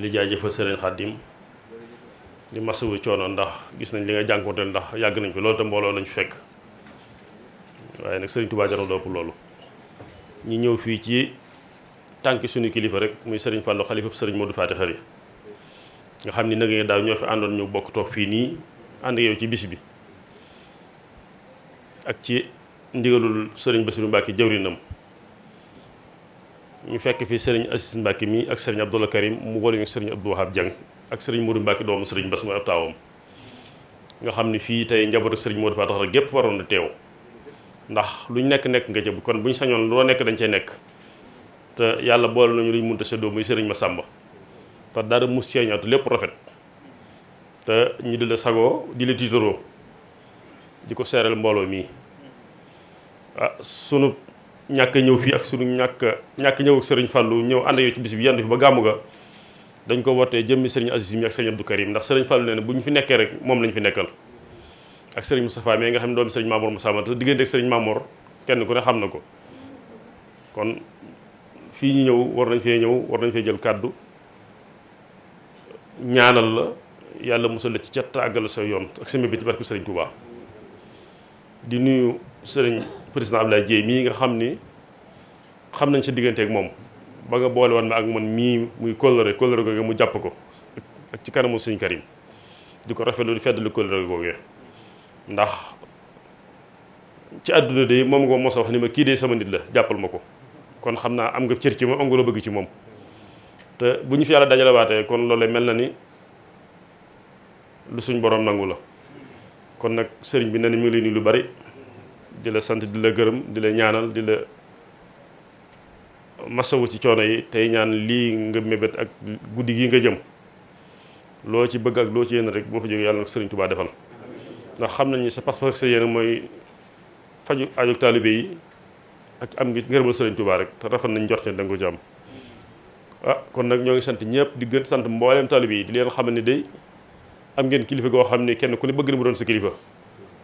li jaajëfal sëriñ Xaddim li masawu choono ndax gis nañ li nga jankote ndax yag nañ fi lolou te mbooloo lañ fek waye nak serigne touba jaral dopp lolou ñi ñew fi ci tànk suñu kilifa rek muy serigne fallo khalifa serigne Modou Fati Xari nga xamni ni nag nga daaw ñoo fi andon ñu bok tok fi ni and yow ci bis bi ak ci ndigalul serigne Bassirou Mbacke jawrinam ñu fekk fi serigne Assis Mbacke mi ak serigne Abdoulaye Karim mu wolé ñu sëriñ Abdou Wahab jang ak serigne Modou Mbacke doom serigne Bass mooy ab nga xamni fi tay tey serigne sëriñ Modou Fatou Khara gépp waroon na ndax luñ nek nek nga jëb kon buñ sañon lo nek dañ cey nek te yalla bol nañu luñ munta sa muy serigne Massamba ta dara mus cee lepp rafet te ñi dila sago sagoo di la tiitaroo di ko ah sunu ñàkk ñëw fii ak sunu ñàkk ñàkk ñëw sëriñ Fallou ñëw ànd yow ci bis bi yendu ba gàmmu ga dañ ko wootee jëmmi sëriñ Aziz mi ak sëriñ Abdou Karim ndax sëriñ Fallou nee bu ñu fi nekkee rek moom lañ fi nekkal ak sëriñ Moustapha mais nga xam ne doomi sëriñ Mamour Moussa te diggante ak sëriñ Mamour kenn ko ne xam na ko kon fii ñu ñëw war nañ fee ñëw war nañ fee jël kàddu ñaanal la yàlla musal la ci cet àggal sa yoon ak sa mébét ci barke sëriñ Touba di sëriñ président Abdoulaye Dieye mii nga xam ni xam nañ sa digganteek moom ba nga boole woon ma ak man mii muy kóllëre kóllëre googu mu jàpp ko ak ci kanamu suñ Karim di ko rafetlu lu fedd lu kóllëre googu ndax ci àdduna de moom nga mos a wax ni ma kii de sama nit la jàppal ma ko kon xam naa am nga cër ci moom am nga la bëgg ci moom te bu ñu fi yàlla dajale waatee kon loolu mel na ni lu suñ boroom nangu la kon nag sëriñ bi na mu ngi lay lu bari di la sant di la gërëm di la ñaanal di la masawu ci coono yi tey ñaan lii nga mébét ak guddi gi nga jëm loo ci bëgg ak loo ci yéen rek boo fa jógee yàlla na ko sëriñ Tuubaa defal ndax xam nañu sa pas-pas sa yéen mooy faju ajog taalibe yi ak am ngi ngërëmal sëriñ Tuubaa rek te rafet nañ jot da nga ko ci ah kon nag ñoo ngi sant ñëpp di gën sant mbooleem taalibe yi di leen xam ne day am ngeen kilifa goo xam ne kenn ku ne bëgg na mu doon sa kilifa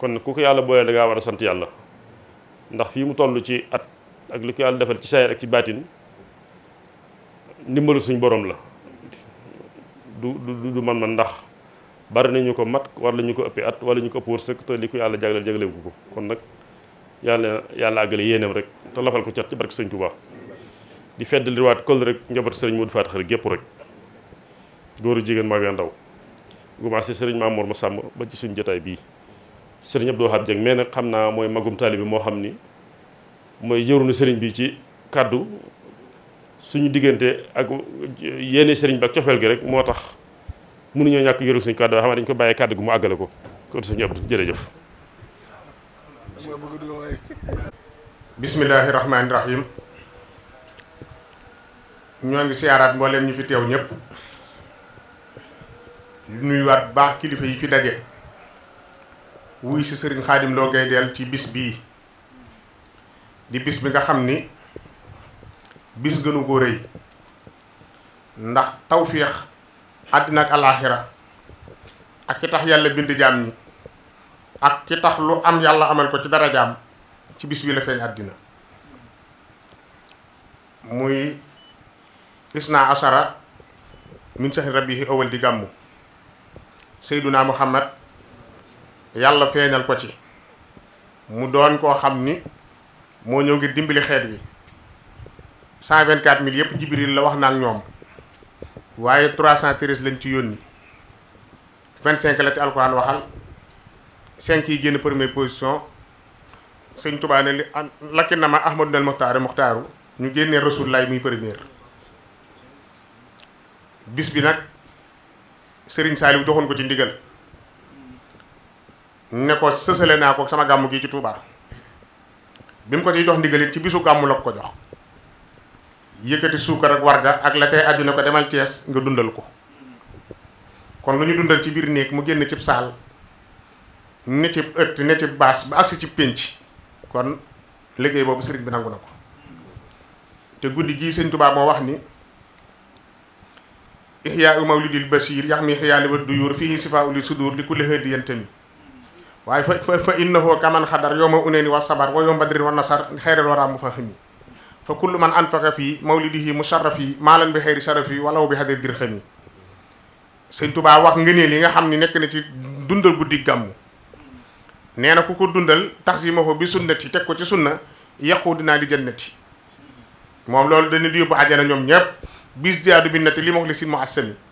kon ku ko yalla boole da nga wara sant yalla ndax fi mu tollu ci at ak li ko yalla defal ci say ak ci nimbalu suñ borom la du du du man man ndax bar nañu ko mat war lañu ko ëppee at wala ñu ko ëpp wërsëg te li ko yalla jagleel jagleel ko kon nak yalla yalla àggale yéeneem rek to lafal ko cat ci barke sëñ Touba di feddali wat kol rek njabot sëriñ Modou Faty rek gep rek goru jigen ma ya ndaw ci sëriñ Mamour ma sam ba ci suñu jotaay bi serigne Abdou Wahab Dieng mena xamna moy magum talib mo xamni moy mooy serigne bi ci kaddu suñu digënté ak yene serigne bak tiofel gi rek motax tax ñu ñak yorul suñu kaddu yoo xam ne ko baye kaddu gu mu àggale ko kon sëriñ Abdou jere jëf bismillahirrahmanirrahim ñu ngi ñu fi baax kilifa yi fi wuy si sëriñ xaadim gay gaydeel ci bis bii di bis bi nga xam ni bis gënu ko rëy ndax tawféex àddina ak alaaxira ak ki tax yàlla bind jaam ñi ak ki tax lu am yàlla amal ko ci dara jaam ci bis bi la feeñ àddina muy isna asara min saxi rabbihi awal di gàmmu seyduna muhammad yàlla feeñal ko ci mu doon koo xam ni moo ñëw ngir dimbali xeet wi cent vingt quatre mille yëpp jibril la wax na ak ñoom waaye trois cent treize lañ ci yónni vingt cinq la ci alxuraan waxal cinq yi génn première position sëñ Tuubaa ne li lakki na ma ahmadou nel muxtaaru muxtaaru ñu génnee rasul lay muy première bis bi nag sëriñ Saaliw joxoon ko ci ndigal ne ko sesele na ko sama gamu gi ci Touba bim ko ci dox ndigalit ci bisu gamu la ko dox yëkkati suukar ak warga ak la tay nechip ko demal ties nga dundal ko kon lu ñu dundal ci bir néeg mu genn ci sal ne ci eut ne ci baas ba ak ci kon liggey bobu serigne bi te guddi gi serigne Touba mo wax ni mawlidil basir yahmi mi wa duyur fihi uli sudur li kulli waaye fa fa fa innahu kaman xadar yow ma uneeni wa sabar wa yow badrin wa nasar xeyrel waraam mu fa xami fa kullu man anfaqa fii mawlidihi musharrafi maalan bi xeyri sharafi walaw bi xadir yi nga xam ni nekk na ci dundal guddi gàmmu nee na ku ko dundal taxsimahu bi sunnati teg ko ci sunna yàqu dinaa di jannati moom loolu dañu di yóbbu àjjana ñoom ñëpp bis jaadu bi nati li ma wax li sin mu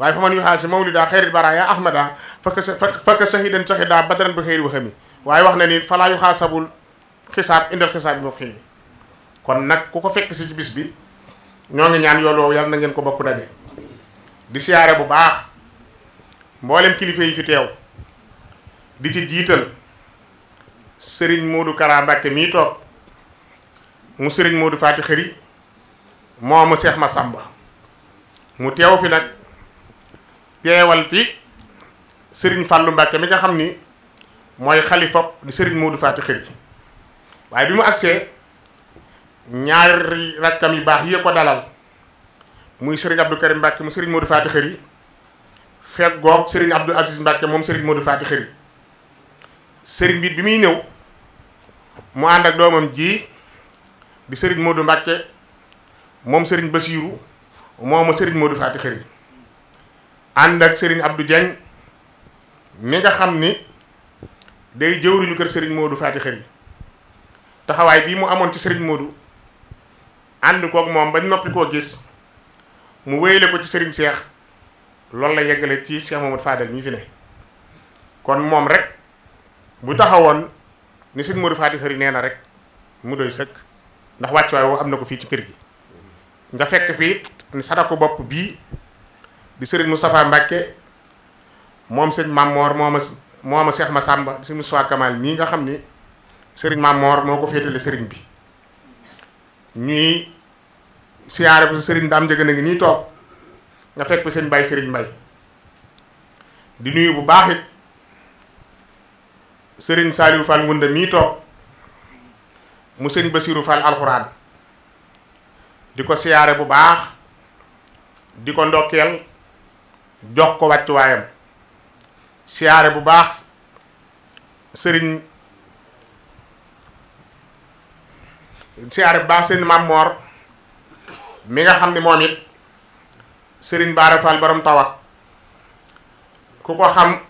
waaye fa man yu xaasi mawlida xayril baraya ahmada fakka fakka shahidan shahida badran bi xayri waxami waaye wax na ni falaa yu xaasabul xisaab indal xisaab bi ma xëy kon nag ku ko fekk si bis bi ñoo ngi ñaan yool woowu yàlla na ngeen ko bokk daje di siyaare bu baax mboolem kilifa yi fi teew di ci jiital sëriñ Modou Kara Mbàkke mii toog mu sëriñ Modou Faati Xëri moomu Seex Masamba mu teew fi nag teewal fi sëriñ Fallou Mbacke mi nga xam ni mooy xalifa di sëriñ Modou Faty Khary waaye bi mu agsee ñaari rakkam yi baax yi ko dalal muy sëriñ Abdou Karim Mbacke mu sëriñ Modou Faty xëri fekk goog sëriñ Abdou Aziz Mbacke moom sëriñ Modou Faty Khary sëriñ bi bi muy ñëw mu ànd ak doomam ji di sëriñ Modou Mbacke moom sëriñ Basirou moomu sëriñ Modou Faty Khary and ak Serigne Abdou Dieng mi nga xamni ni day jëwriñu kër Serigne Modou Fati Xëri taxawaay bii mu amoon ci Serigne Modou ko ak mom bañ nopi ko gis mu wéyale ko ci Serigne Cheikh loolu la yeggale ci Cheikh Mamadou Fadel ñi fi ne kon mom rek bu taxawoon ni Serigne Modou Fati Xëri rek mu doy sëkk ndax waccu way am ko fi ci kër gi nga fekk fi ni sadako bop bi di sëriñ mu Moustapha Mbacke moom sëñ Mamor moo ma moo ma Cheikh Massamba sëñ Moustapha Kamal mii nga xam ni sëriñ Mamor moo ko féetale sëriñ bi ñuy siyaare bu sëriñ daam njëgën a ngi nii toog nga fekk sëñ Baye sëriñ Mbay di nuyu bu baax sëriñ Saliou Fall Ngunda mii toog mu sëñ Basirou Fall alxuraan di ko siyaare bu baax di ko ndokkeel jox ko wàccuwaayam siyaare bu baax sëriñ siyaare bu baax sëriñ Mamor mi nga xam ni moom sëriñ Baara Fall borom tawa ku ko xam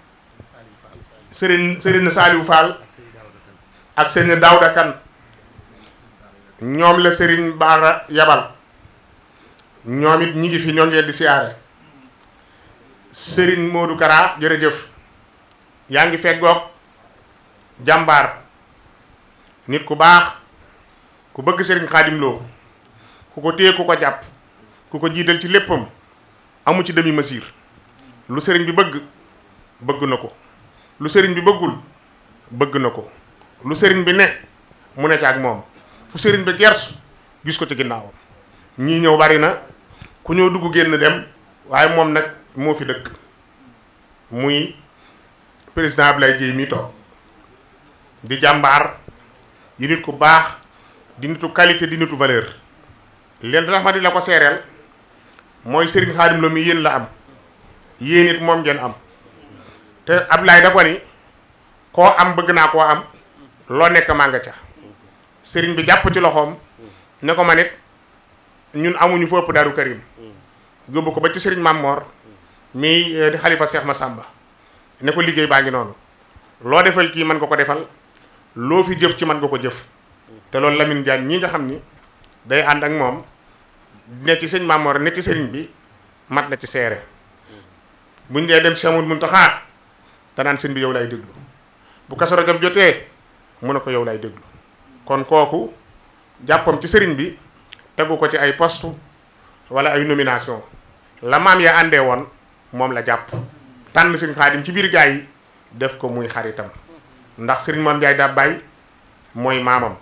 sëriñ sëriñ Saliou Fall ak sëriñ Daouda Kane ñoom la sëriñ Baara yabal ñoomit it ñi ngi fi ñoo ngi di siyaare Serigne Modou Kara jërëjëf yaa ngi feggoog jàmbaar nit ku baax ku bëgg sëriñ Khadim ku ko téye ku ko jàpp ku ko jiital ci léppam amu ci demi mesure lu sëriñ bi bëgg bëgg na ko lu sëriñ bi bëggul bëgg na ko lu sëriñ bi ne mu ne ci ak moom fu sëriñ bi gersu gis ko ci ginnaawam ñii ñëw bari na ku ñëw dugg génn dem waaye moom nag moo fi dëkk muy président Abdoulaye Dièye mi toog di jàmbaar di nit ku baax di nitu qualité di nitu valeur leen tax ma di la ko seereel mooy Serigne Khadim mi yéen la am yéen it moom ngeen am te Abdoulaye da ko ni koo am bëgg naa koo am loo nekk maa ca Serigne bi jàpp ci loxoom ne ko ma nit ñun amuñu fa ëpp Daaru Karim yóbbu ko ba ci Serigne Mamor. mi eh, di xalifa ma sàmba ne ko liggéey baa ngi noonu loo defal kii man nga ko defal loo fi jëf ci mën nga ko jëf te loolu Lamine Diagne ñi nga xam ni day ànd ak moom ne ci sëñ Mamor ne ci sëriñ bi mat na ci seere buñ dee dem Cheikh Mountakha danaan sëñ bi yow lay déglu bu Kazu Rajab jotee mu ne ko yow lay déglu kon kooku jàppam ci sëriñ bi tegu ko ci ay postu wala ay nomination la maam ya àndee woon mom la japp tan serigne khadim ci bir gaay def ko muy xaritam ndax mom Mor da bay moy mamam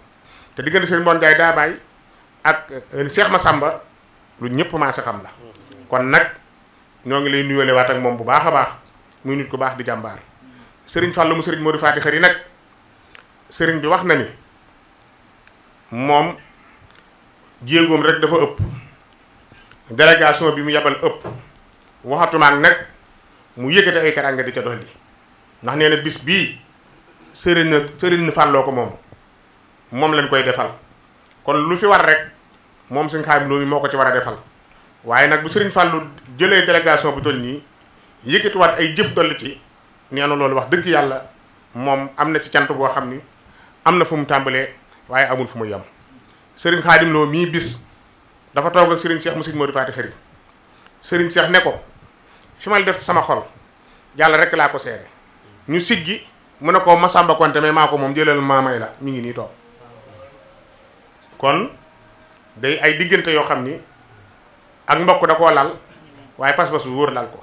te serigne mom Mor da bay ak euh, Cheikh Massamba lu ñepp ma sa xam la kon nak ñongi lay nuyoolee wat ak mom bu baaxa baax muy nit ku baax di jambar serigne fallu mu serigne Modou Fati xëri up. serigne bi wax na ni mom rek dafa ëpp délégation bi mu yabal ëpp waxatumaan nag mu yëkkati ay teranga di ca dolli ndax nee na bis bii sëriñ sëriñ na fàlloo ko moom moom lañ koy defal kon lu fi war rek moom suñ xaayam loolu moo ko ci war a defal waaye nag bu sëriñ fàllu jëlee délégation bu toll nii yëkkatiwaat ay jëf ci nee loolu wax dëgg yàlla moom am na ci cant boo xam ni am na fu mu tàmbalee waaye amul fu mu yem sëriñ xaadim loo mii bis dafa toog ak sëriñ Cheikh Moussa Modou Faty Khary sëriñ seex ne ko fi ma def sama xol yàlla rek laa ko seere ñu siggi mu ne koo Masamba Konte mais maa ko moom jëlal maamay la mi ngi nii toog kon day ay diggante yoo xam ni ak mbokk da koo lal waaye pas-pas bu wóor lal ko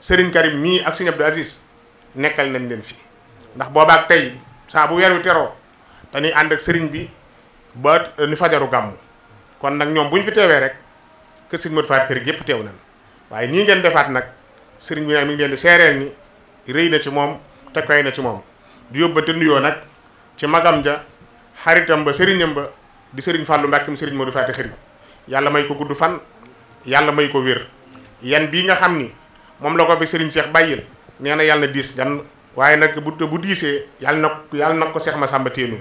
sëriñ Karim mii ak sëriñ Abdou Aziz nekkal nañ nen fi ndax boobaak tey saa bu weer wi teroo dañuy ànd ak sëriñ bi ba ni fajaru gàmmu kon nag ñoom bu ñu fi teewee rek kër sëñ Modou Faty Khary gépp teew nañ waaye nii ngeen defaat nak sëriñ bi nag mi ngi leen ni rëy na ci moom te na ci diyo di yóbbante nuyoo nag ci magam ja xaritam ba sëriñam ba di sëriñ Fallou Mbacké mu sëriñ Modou Faty Khary yàlla may ko gudd fan yàlla may ko yan bi nga xam ni moom la ko fi sëriñ Cheikh bayil nee na yàlla na diis gan waaye nag bu bu diisee yàlla nak yàlla nak ko Cheikh Massamba téenu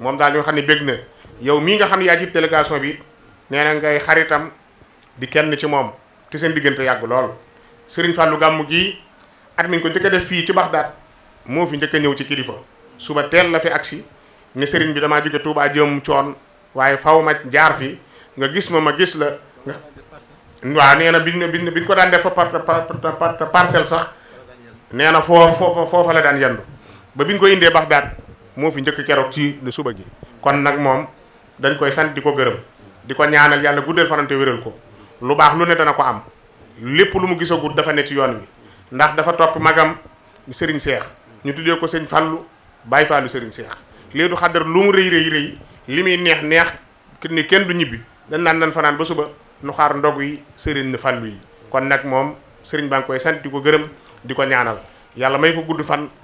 moom daal ñoo xam ne bég na nga xamni ya yaa bi nee ngay xaritam di kenn ci mom ci seen digënté yag lool Serigne fallu gamu gi at mi ko njëkk def fi ci baghdad mo fi njëkk ñew ci kilifa suba tel la fi aksi ne Serigne bi dama jóge Touba jëm coon waye faw ma jaar fi nga gis ma ma gis la wa neena bin bin bin ko daan def fa par parcel sax fo fo fo fa la daan yandu ba bin ko indé baghdad mo fi njëkk keroog ci suba gi kon nag mom dañ koy sant di ko diko di ko ñaanal yalla guddal farante wéral ko lu baax lu ne dana ko am lépp lu mu gisagul dafa ne ci yoon wi ndax dafa topp magam sëriñ seex ñu tuddee ko sëñ fàllu bàyyi fàllu sëriñ seex léegi du xaddar lu mu rëy rëy rëy li muy neex neex ni kenn du ñibbi dañ naan nan fanaan ba suba nu xaar ndog yi sëriñ fàllu yi kon nag moom sëriñ baa koy sant di ko gërëm di ko ñaanal yàlla may ko gudd fan